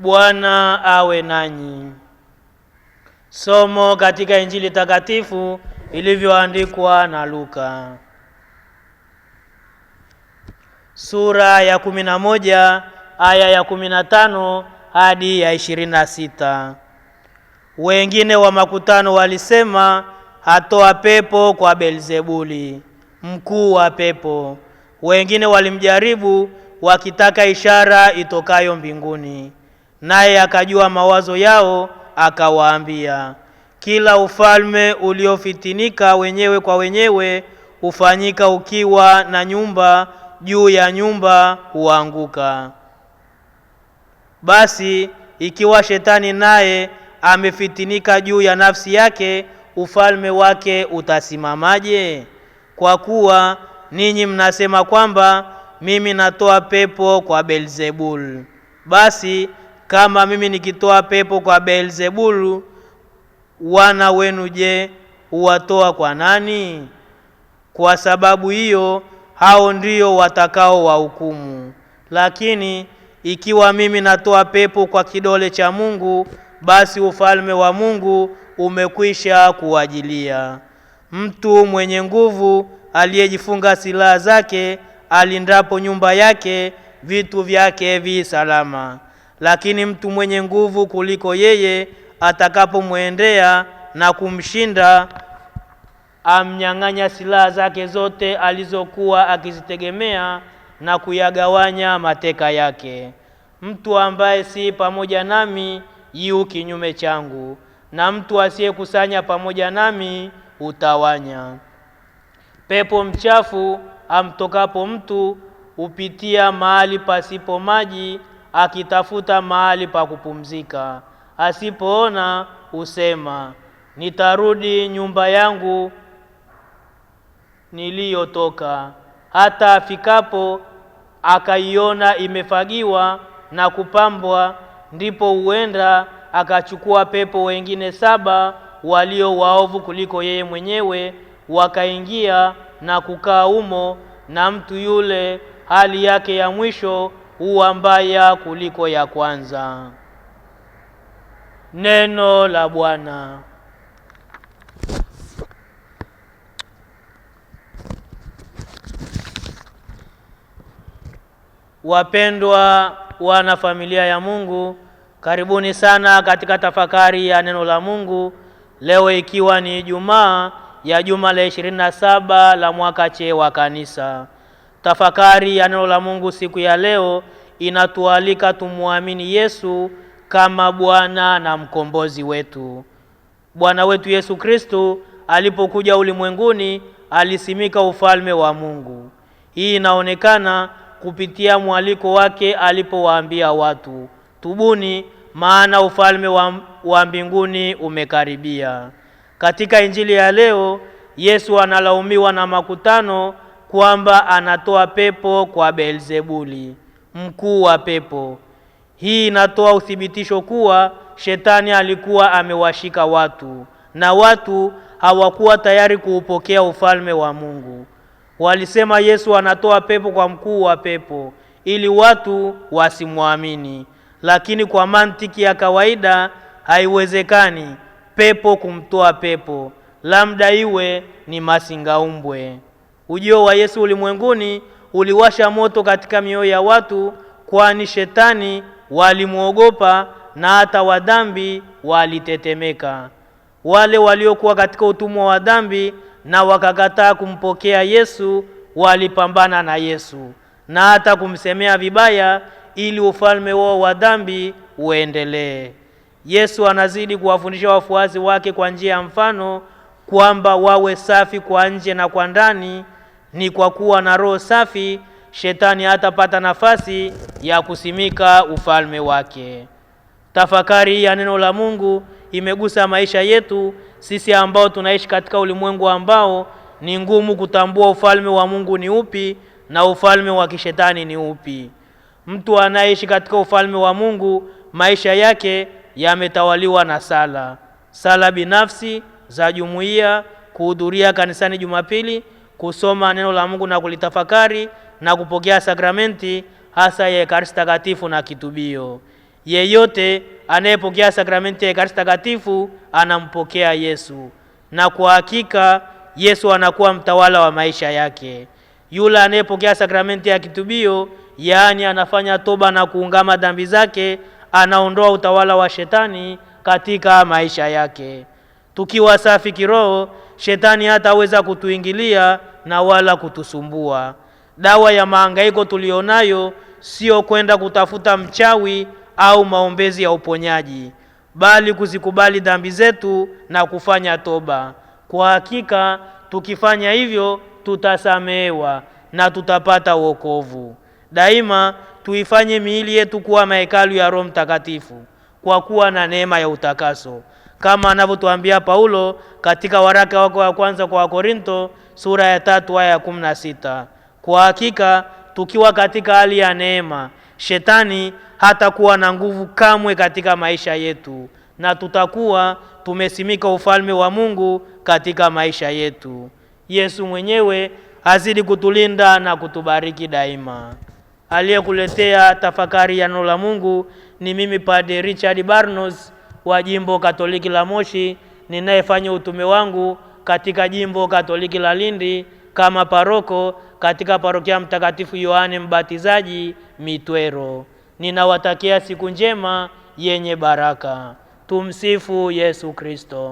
Bwana awe nanyi. Somo katika Injili takatifu ilivyoandikwa na Luka sura ya kumi na moja aya ya kumi na tano hadi ya ishirini na sita. Wengine wa makutano walisema, hatoa pepo kwa Beelzebuli mkuu wa pepo. Wengine walimjaribu wakitaka ishara itokayo mbinguni naye akajua mawazo yao, akawaambia, kila ufalme uliofitinika wenyewe kwa wenyewe hufanyika ukiwa na nyumba juu ya nyumba huanguka. Basi ikiwa shetani naye amefitinika juu ya nafsi yake, ufalme wake utasimamaje? Kwa kuwa ninyi mnasema kwamba mimi natoa pepo kwa Beelzebul. Basi kama mimi nikitoa pepo kwa Beelzebulu, wana wenu je, huwatoa kwa nani? Kwa sababu hiyo hao ndio watakao wahukumu. Lakini ikiwa mimi natoa pepo kwa kidole cha Mungu, basi ufalme wa Mungu umekwisha kuwajilia. Mtu mwenye nguvu aliyejifunga silaha zake alindapo nyumba yake, vitu vyake vi salama lakini mtu mwenye nguvu kuliko yeye atakapomwendea na kumshinda, amnyang'anya silaha zake zote alizokuwa akizitegemea na kuyagawanya mateka yake. Mtu ambaye si pamoja nami yu kinyume changu, na mtu asiyekusanya pamoja nami hutawanya. Pepo mchafu amtokapo mtu hupitia mahali pasipo maji akitafuta mahali pa kupumzika. Asipoona husema nitarudi nyumba yangu niliyotoka, hata afikapo akaiona imefagiwa na kupambwa, ndipo huenda akachukua pepo wengine saba walio waovu kuliko yeye mwenyewe, wakaingia na kukaa humo, na mtu yule hali yake ya mwisho huwa mbaya kuliko ya kwanza. Neno la Bwana. Wapendwa wana familia ya Mungu, karibuni sana katika tafakari ya neno la Mungu leo, ikiwa ni Ijumaa ya juma la 27 la mwaka che wa kanisa. Tafakari ya neno la Mungu siku ya leo inatualika tumwamini Yesu kama Bwana na mkombozi wetu. Bwana wetu Yesu Kristo alipokuja ulimwenguni alisimika ufalme wa Mungu. Hii inaonekana kupitia mwaliko wake alipowaambia watu, tubuni maana ufalme wa, wa mbinguni umekaribia. Katika injili ya leo Yesu analaumiwa na makutano kwamba anatoa pepo kwa Beelzebuli, mkuu wa pepo. Hii inatoa uthibitisho kuwa shetani alikuwa amewashika watu na watu hawakuwa tayari kuupokea ufalme wa Mungu. Walisema Yesu anatoa pepo kwa mkuu wa pepo ili watu wasimwamini, lakini kwa mantiki ya kawaida haiwezekani pepo kumtoa pepo, labda iwe ni masingaumbwe. Ujio wa Yesu ulimwenguni uliwasha moto katika mioyo ya watu, kwani shetani walimwogopa na hata wadhambi walitetemeka. Wale waliokuwa katika utumwa wa dhambi na wakakataa kumpokea Yesu walipambana na Yesu na hata kumsemea vibaya, ili ufalme wao wa dhambi uendelee. Yesu anazidi kuwafundisha wafuasi wake kwa njia ya mfano kwamba wawe safi kwa nje na kwa ndani ni kwa kuwa na roho safi, shetani hatapata nafasi ya kusimika ufalme wake. Tafakari ya neno la Mungu imegusa maisha yetu sisi ambao tunaishi katika ulimwengu ambao ni ngumu kutambua ufalme wa Mungu ni upi na ufalme wa kishetani ni upi. Mtu anayeishi katika ufalme wa Mungu, maisha yake yametawaliwa na sala, sala binafsi za jumuiya, kuhudhuria kanisani Jumapili kusoma neno la Mungu na kulitafakari na kupokea sakramenti hasa ya Ekaristi Takatifu na kitubio. Yeyote anayepokea sakramenti ya Ekaristi Takatifu anampokea Yesu, na kwa hakika Yesu anakuwa mtawala wa maisha yake. Yule anayepokea sakramenti ya kitubio, yaani anafanya toba na kuungama dhambi zake, anaondoa utawala wa shetani katika maisha yake. Tukiwa safi kiroho shetani hataweza kutuingilia na wala kutusumbua. Dawa ya mahangaiko tuliyonayo sio kwenda kutafuta mchawi au maombezi ya uponyaji, bali kuzikubali dhambi zetu na kufanya toba. Kwa hakika tukifanya hivyo tutasamehewa na tutapata wokovu. Daima tuifanye miili yetu kuwa mahekalu ya Roho Mtakatifu kwa kuwa na neema ya utakaso kama anavyotuambia Paulo katika waraka wake wa kwanza kwa Wakorinto sura ya tatu aya ya kumi na sita kwa hakika tukiwa katika hali ya neema, shetani hatakuwa na nguvu kamwe katika maisha yetu, na tutakuwa tumesimika ufalme wa Mungu katika maisha yetu. Yesu mwenyewe azidi kutulinda na kutubariki daima. Aliyekuletea tafakari ya neno la Mungu ni mimi Padre Richard Barnos wa jimbo Katoliki la Moshi ninayefanya utume wangu katika jimbo Katoliki la Lindi kama paroko katika parokia Mtakatifu Yohane Mbatizaji Mitwero. Ninawatakia siku njema yenye baraka. Tumsifu Yesu Kristo.